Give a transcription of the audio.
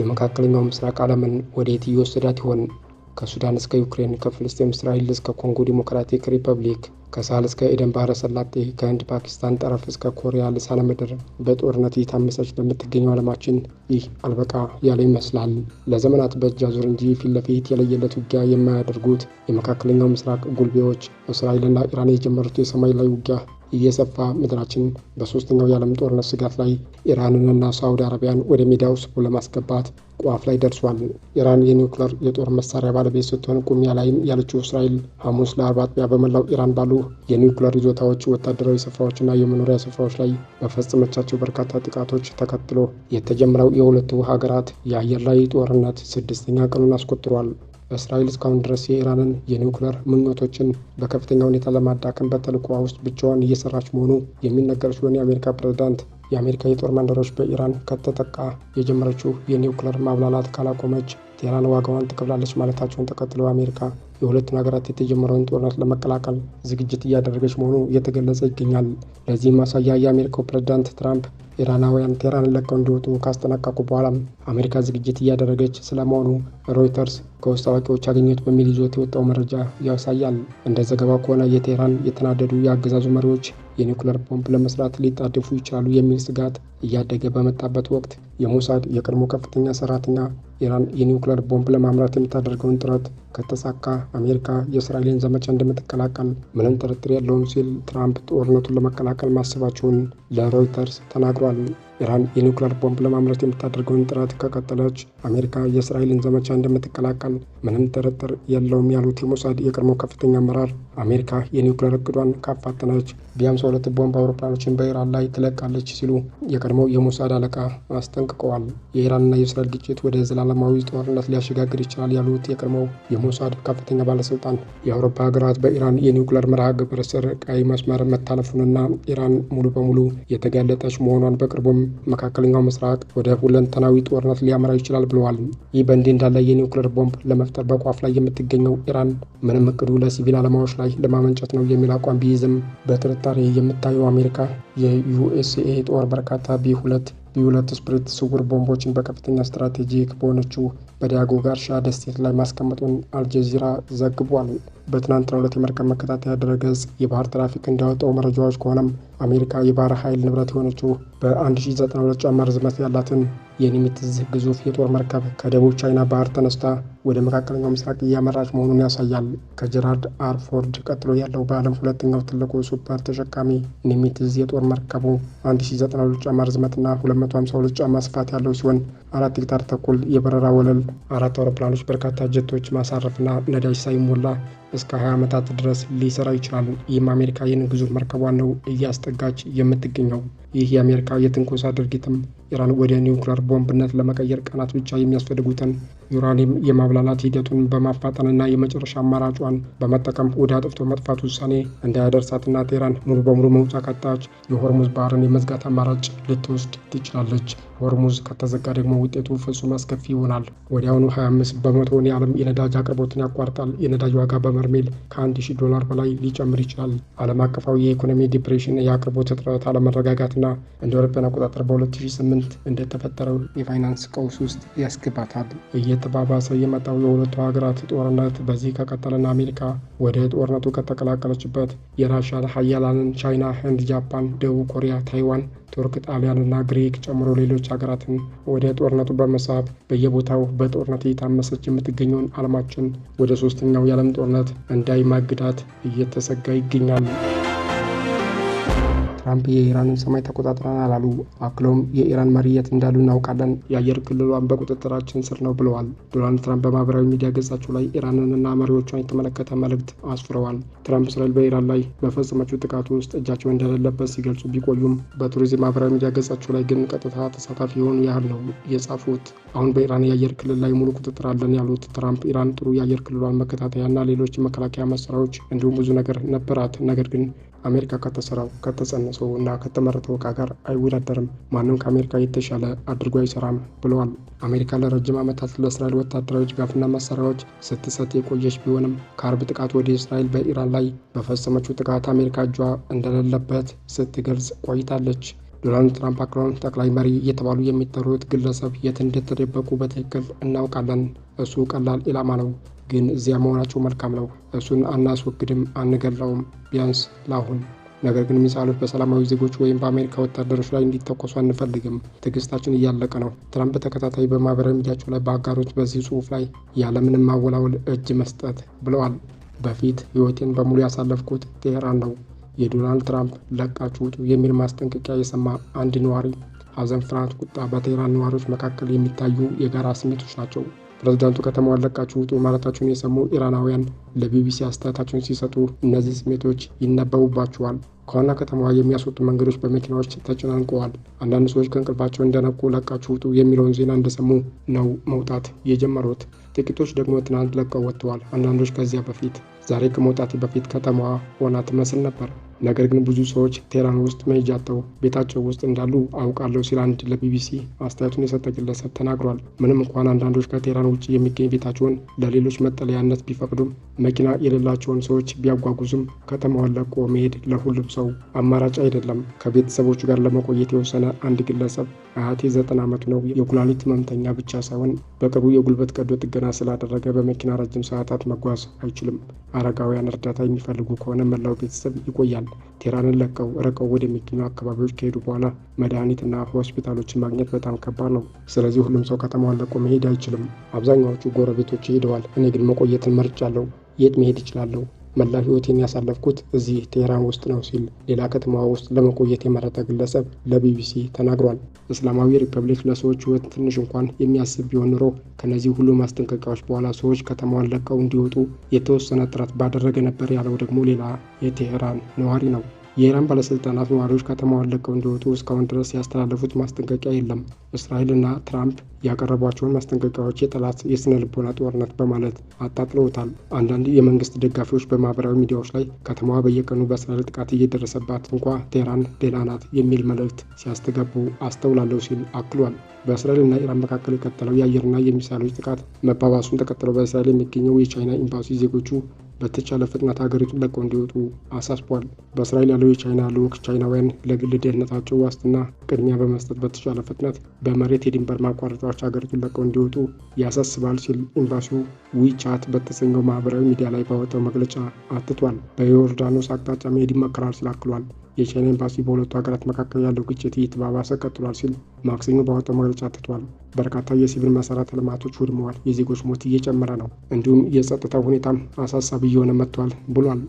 የመካከለኛው ምስራቅ ዓለምን ወዴት እየወሰዳት ይሆን? ከሱዳን እስከ ዩክሬን፣ ከፍልስጤም እስራኤል እስከ ኮንጎ ዲሞክራቲክ ሪፐብሊክ ከሳህል እስከ ኤደን ባህረ ሰላጤ ከህንድ ፓኪስታን ጠረፍ እስከ ኮሪያ ልሳነ ምድር በጦርነት እየታመሰች ለምትገኘው ዓለማችን ይህ አልበቃ ያለ ይመስላል። ለዘመናት በእጅ አዙር እንጂ ፊት ለፊት የለየለት ውጊያ የማያደርጉት የመካከለኛው ምስራቅ ጉልቤዎች እስራኤልና ኢራን የጀመሩት የሰማይ ላይ ውጊያ እየሰፋ ምድራችን በሶስተኛው የዓለም ጦርነት ስጋት ላይ ኢራንንና ሳዑዲ አረቢያን ወደ ሜዳው ስቦ ለማስገባት ቋፍ ላይ ደርሷል። ኢራን የኒውክለር የጦር መሳሪያ ባለቤት ስትሆን ቁሚያ ላይም ያለችው እስራኤል ሐሙስ ለአርብ አጥቢያ በመላው ኢራን ባሉ የኒውክሌር ይዞታዎች፣ ወታደራዊ ስፍራዎችና የመኖሪያ ስፍራዎች ላይ በፈጸመቻቸው በርካታ ጥቃቶች ተከትሎ የተጀመረው የሁለቱ ሀገራት የአየር ላይ ጦርነት ስድስተኛ ቀኑን አስቆጥሯል። እስራኤል እስካሁን ድረስ የኢራንን የኒውክሌር ምኞቶችን በከፍተኛ ሁኔታ ለማዳከም በተልዕኮዋ ውስጥ ብቻዋን እየሰራች መሆኑ የሚነገር ሲሆን የአሜሪካ ፕሬዝዳንት የአሜሪካ የጦር መንደሮች በኢራን ከተጠቃ የጀመረችው የኒውክሌር ማብላላት ካላቆመች ቴህራን ዋጋዋን ትከፍላለች ማለታቸውን ተከትለው አሜሪካ የሁለቱን ሀገራት የተጀመረውን ጦርነት ለመቀላቀል ዝግጅት እያደረገች መሆኑ እየተገለጸ ይገኛል። ለዚህ ማሳያ የአሜሪካው ፕሬዚዳንት ትራምፕ ኢራናውያን ቴህራን ለቀው እንዲወጡ ካስጠነቀቁ በኋላም አሜሪካ ዝግጅት እያደረገች ስለመሆኑ ሮይተርስ ከውስጥ አዋቂዎች አገኘት በሚል ይዞት የወጣው መረጃ ያሳያል። እንደ ዘገባው ከሆነ የቴህራን የተናደዱ የአገዛዙ መሪዎች የኒውክለር ቦምብ ለመስራት ሊጣደፉ ይቻሉ የሚል ስጋት እያደገ በመጣበት ወቅት የሞሳድ የቀድሞ ከፍተኛ ሰራተኛ ኢራን የኒውክለር ቦምብ ለማምረት የምታደርገውን ጥረት ከተሳካ አሜሪካ የእስራኤልን ዘመቻ እንደምትቀላቀል ምንም ጥርጥር የለውም ሲል ትራምፕ ጦርነቱን ለመቀላቀል ማሰባቸውን ለሮይተርስ ተናግሯል። ኢራን የኒውክሌር ቦምብ ለማምረት የምታደርገውን ጥረት ከቀጠለች አሜሪካ የእስራኤልን ዘመቻ እንደምትቀላቀል ምንም ጥርጥር የለውም ያሉት የሞሳድ የቀድሞ ከፍተኛ አመራር አሜሪካ የኒውክሌር እቅዷን ካፋጠነች ቢያንስ ሁለት ቦምብ አውሮፕላኖችን በኢራን ላይ ትለቃለች ሲሉ የቀድሞ የሞሳድ አለቃ አስጠንቅቀዋል። የኢራንና የእስራኤል ግጭት ወደ ዘላለማዊ ጦርነት ሊያሸጋግር ይችላል ያሉት የቀድሞው የሞሳድ ከፍተኛ ባለስልጣን የአውሮፓ ሀገራት በኢራን የኒውክሌር መርሃ ግብር ስር ቀይ መስመር መታለፉንና ኢራን ሙሉ በሙሉ የተጋለጠች መሆኗን በቅርቡም መካከለኛው ምስራቅ ወደ ሁለንተናዊ ጦርነት ሊያመራ ይችላል ብለዋል። ይህ በእንዲህ እንዳለ የኒውክሌር ቦምብ ለመፍጠር በቋፍ ላይ የምትገኘው ኢራን ምንም እቅዱ ለሲቪል ዓላማዎች ላይ ለማመንጨት ነው የሚል አቋም ቢይዝም በጥርጣሬ የምታየው አሜሪካ የዩኤስኤ ጦር በርካታ ቢ2 ቢ ስፕሪት ስውር ቦምቦችን በከፍተኛ ስትራቴጂክ በሆነችው በዲያጎ ጋርሻ ደሴት ላይ ማስቀመጡን አልጀዚራ ዘግቧል። በትናንትናው ዕለት የመርከብ መከታተያ ድረገጽ የባህር ትራፊክ እንዳወጣው መረጃዎች ከሆነም አሜሪካ የባህር ኃይል ንብረት የሆነችው በ1092 ጫማ ርዝመት ያላትን የኒሚትዝ ግዙፍ የጦር መርከብ ከደቡብ ቻይና ባህር ተነስታ ወደ መካከለኛው ምስራቅ እያመራች መሆኑን ያሳያል። ከጀራርድ አርፎርድ ቀጥሎ ያለው በዓለም ሁለተኛው ትልቁ ሱፐር ተሸካሚ ኒሚትዝ የጦር መርከቡ 1092 ጫማ ርዝመትና 252 ጫማ ስፋት ያለው ሲሆን አራት ሄክታር ተኩል የበረራ ወለል፣ አራት አውሮፕላኖች፣ በርካታ ጀቶች ማሳረፍና ነዳጅ ሳይሞላ እስከ 20 ዓመታት ድረስ ሊሰራ ይችላል። ይህም አሜሪካ ይህን ግዙፍ መርከቧን ነው እያስጠጋች የምትገኘው። ይህ የአሜሪካዊ የትንኮሳ ድርጊትም ኢራን ወደ ኒውክሌር ቦምብነት ለመቀየር ቀናት ብቻ የሚያስፈልጉትን ዩራኒየም የማብላላት ሂደቱን በማፋጠንና የመጨረሻ አማራጯን በመጠቀም ወደ አጥፍቶ መጥፋት ውሳኔ እንዳያደርሳትና ቴህራን ሙሉ በሙሉ መውጫ ካጣች የሆርሙዝ ባህርን የመዝጋት አማራጭ ልትወስድ ትችላለች። ሆርሙዝ ከተዘጋ ደግሞ ውጤቱ ፍጹም አስከፊ ይሆናል። ወዲያውኑ 25 በመቶውን የዓለም የነዳጅ አቅርቦትን ያቋርጣል። የነዳጅ ዋጋ በበርሜል ከ1000 ዶላር በላይ ሊጨምር ይችላል። ዓለም አቀፋዊ የኢኮኖሚ ዲፕሬሽን፣ የአቅርቦት እጥረት፣ አለመረጋጋትና እንደ አውሮፓውያን አቆጣጠር በ2008 ስንት እንደተፈጠረው የፋይናንስ ቀውስ ውስጥ ያስገባታል። እየተባባሰ የመጣው የሁለቱ ሀገራት ጦርነት በዚህ ከቀጠለና አሜሪካ ወደ ጦርነቱ ከተቀላቀለችበት የራሻ ሀያላንን ቻይና፣ ህንድ፣ ጃፓን፣ ደቡብ ኮሪያ፣ ታይዋን፣ ቱርክ፣ ጣሊያንና ግሪክ ጨምሮ ሌሎች ሀገራትን ወደ ጦርነቱ በመሳብ በየቦታው በጦርነት እየታመሰች የምትገኘውን አለማችን ወደ ሶስተኛው የዓለም ጦርነት እንዳይማግዳት እየተሰጋ ይገኛል። ትራምፕ የኢራንን ሰማይ ተቆጣጥረናል አሉ። አክሎም የኢራን መሪ የት እንዳሉ እናውቃለን፣ የአየር ክልሏን በቁጥጥራችን ስር ነው ብለዋል። ዶናልድ ትራምፕ በማህበራዊ ሚዲያ ገጻቸው ላይ ኢራንንና መሪዎቿን የተመለከተ መልእክት አስፍረዋል። ትራምፕ እስራኤል በኢራን ላይ በፈጸመችው ጥቃት ውስጥ እጃቸው እንደሌለበት ሲገልጹ ቢቆዩም በቱሪዝም ማህበራዊ ሚዲያ ገጻቸው ላይ ግን ቀጥታ ተሳታፊ የሆኑ ያህል ነው የጻፉት። አሁን በኢራን የአየር ክልል ላይ ሙሉ ቁጥጥር አለን ያሉት ትራምፕ ኢራን ጥሩ የአየር ክልሏን መከታተያና ሌሎች መከላከያ መሳሪያዎች እንዲሁም ብዙ ነገር ነበራት ነገር ግን አሜሪካ ከተሰራው ከተጸነሰው እና ከተመረተው እቃ ጋር አይወዳደርም፣ ማንም ከአሜሪካ የተሻለ አድርጎ አይሰራም ብለዋል። አሜሪካ ለረጅም ዓመታት ለእስራኤል ወታደራዊ ድጋፍና መሳሪያዎች ስትሰጥ የቆየች ቢሆንም ከአርብ ጥቃት ወደ እስራኤል በኢራን ላይ በፈጸመችው ጥቃት አሜሪካ እጇ እንደሌለበት ስትገልጽ ቆይታለች። ዶናልድ ትራምፕ አክለውን ጠቅላይ መሪ እየተባሉ የሚጠሩት ግለሰብ የት እንደተደበቁ በትክክል እናውቃለን። እሱ ቀላል ኢላማ ነው ግን እዚያ መሆናቸው መልካም ነው። እሱን አናስወግድም፣ አንገላውም ቢያንስ ላሁን። ነገር ግን ሚሳይሎች በሰላማዊ ዜጎች ወይም በአሜሪካ ወታደሮች ላይ እንዲተኮሱ አንፈልግም። ትዕግስታችን እያለቀ ነው። ትራምፕ በተከታታይ በማህበራዊ ሚዲያቸው ላይ በአጋሮች በዚህ ጽሑፍ ላይ ያለምንም ማወላወል እጅ መስጠት ብለዋል። በፊት ህይወቴን በሙሉ ያሳለፍኩት ቴሄራን ነው። የዶናልድ ትራምፕ ለቃችሁ ውጡ የሚል ማስጠንቀቂያ የሰማ አንድ ነዋሪ ሐዘን፣ ፍርሃት፣ ቁጣ በቴሄራን ነዋሪዎች መካከል የሚታዩ የጋራ ስሜቶች ናቸው። ፕሬዚዳንቱ ከተማዋን ለቃችሁ ውጡ ማለታቸውን የሰሙ ኢራናውያን ለቢቢሲ አስተያየታቸውን ሲሰጡ እነዚህ ስሜቶች ይነበቡባቸዋል። ከዋና ከተማዋ የሚያስወጡ መንገዶች በመኪናዎች ተጨናንቀዋል። አንዳንድ ሰዎች ከእንቅልፋቸው እንደነቁ ለቃችሁ ውጡ የሚለውን ዜና እንደሰሙ ነው መውጣት የጀመሩት። ጥቂቶች ደግሞ ትናንት ለቀው ወጥተዋል። አንዳንዶች ከዚያ በፊት ዛሬ ከመውጣት በፊት ከተማዋ ሆና ትመስል ነበር። ነገር ግን ብዙ ሰዎች ቴህራን ውስጥ መሄጃ ቤታቸው ውስጥ እንዳሉ አውቃለሁ ሲል አንድ ለቢቢሲ አስተያየቱን የሰጠ ግለሰብ ተናግሯል። ምንም እንኳን አንዳንዶች ከቴህራን ውጭ የሚገኝ ቤታቸውን ለሌሎች መጠለያነት ቢፈቅዱም መኪና የሌላቸውን ሰዎች ቢያጓጉዙም ከተማዋን ለቆ መሄድ ለሁሉም ሰው አማራጭ አይደለም። ከቤተሰቦቹ ጋር ለመቆየት የወሰነ አንድ ግለሰብ አያቴ ዘጠና ዓመት ነው። የኩላሊት ህመምተኛ ብቻ ሳይሆን በቅርቡ የጉልበት ቀዶ ጥገና ስላደረገ በመኪና ረጅም ሰዓታት መጓዝ አይችልም። አረጋውያን እርዳታ የሚፈልጉ ከሆነ መላው ቤተሰብ ይቆያል። ቴራንን ለቀው ርቀው ወደሚገኙ አካባቢዎች ከሄዱ በኋላ መድኃኒትና ሆስፒታሎችን ማግኘት በጣም ከባድ ነው። ስለዚህ ሁሉም ሰው ከተማዋን ለቆ መሄድ አይችልም። አብዛኛዎቹ ጎረቤቶች ሄደዋል። እኔ ግን መቆየትን መርጫለሁ። የት መሄድ እችላለሁ? መላ ህይወቴን ያሳለፍኩት እዚህ ቴህራን ውስጥ ነው ሲል ሌላ ከተማ ውስጥ ለመቆየት የመረጠ ግለሰብ ለቢቢሲ ተናግሯል። እስላማዊ ሪፐብሊክ ለሰዎች ህይወት ትንሽ እንኳን የሚያስብ ቢሆን ኑሮ ከነዚህ ሁሉ ማስጠንቀቂያዎች በኋላ ሰዎች ከተማዋን ለቀው እንዲወጡ የተወሰነ ጥረት ባደረገ ነበር ያለው ደግሞ ሌላ የቴህራን ነዋሪ ነው። የኢራን ባለስልጣናት ነዋሪዎች ከተማዋን ለቀው እንዲወጡ እስካሁን ድረስ ያስተላለፉት ማስጠንቀቂያ የለም። እስራኤልና ትራምፕ ያቀረቧቸውን ማስጠንቀቂያዎች የጠላት የስነ ልቦና ጦርነት በማለት አጣጥለውታል። አንዳንድ የመንግስት ደጋፊዎች በማህበራዊ ሚዲያዎች ላይ ከተማዋ በየቀኑ በእስራኤል ጥቃት እየደረሰባት እንኳ ቴህራን ሌላ ናት የሚል መልእክት ሲያስተጋቡ አስተውላለሁ ሲል አክሏል። በእስራኤልና ኢራን መካከል የቀጠለው የአየርና የሚሳይሎች ጥቃት መባባሱን ተቀጥለው በእስራኤል የሚገኘው የቻይና ኤምባሲ ዜጎቹ በተቻለ ፍጥነት ሀገሪቱን ለቀው እንዲወጡ አሳስቧል። በእስራኤል ያለው የቻይና ልዑክ ቻይናውያን ለግል ደህንነታቸው ዋስትና ቅድሚያ በመስጠት በተቻለ ፍጥነት በመሬት የድንበር ማቋረጫዎች ሀገሪቱን ለቀው እንዲወጡ ያሳስባል ሲል ኤምባሲው ዊቻት በተሰኘው ማህበራዊ ሚዲያ ላይ ባወጣው መግለጫ አትቷል። በዮርዳኖስ አቅጣጫ መሄድ ይመከራል ሲል አክሏል። የቻይና ኤምባሲ በሁለቱ ሀገራት መካከል ያለው ግጭት እየተባባሰ ቀጥሏል ሲል ማክሰኞ ባወጣው መግለጫ አትቷል። በርካታ የሲቪል መሰረተ ልማቶች ውድመዋል፣ የዜጎች ሞት እየጨመረ ነው፣ እንዲሁም የጸጥታው ሁኔታም አሳሳቢ እየሆነ መጥቷል ብሏል።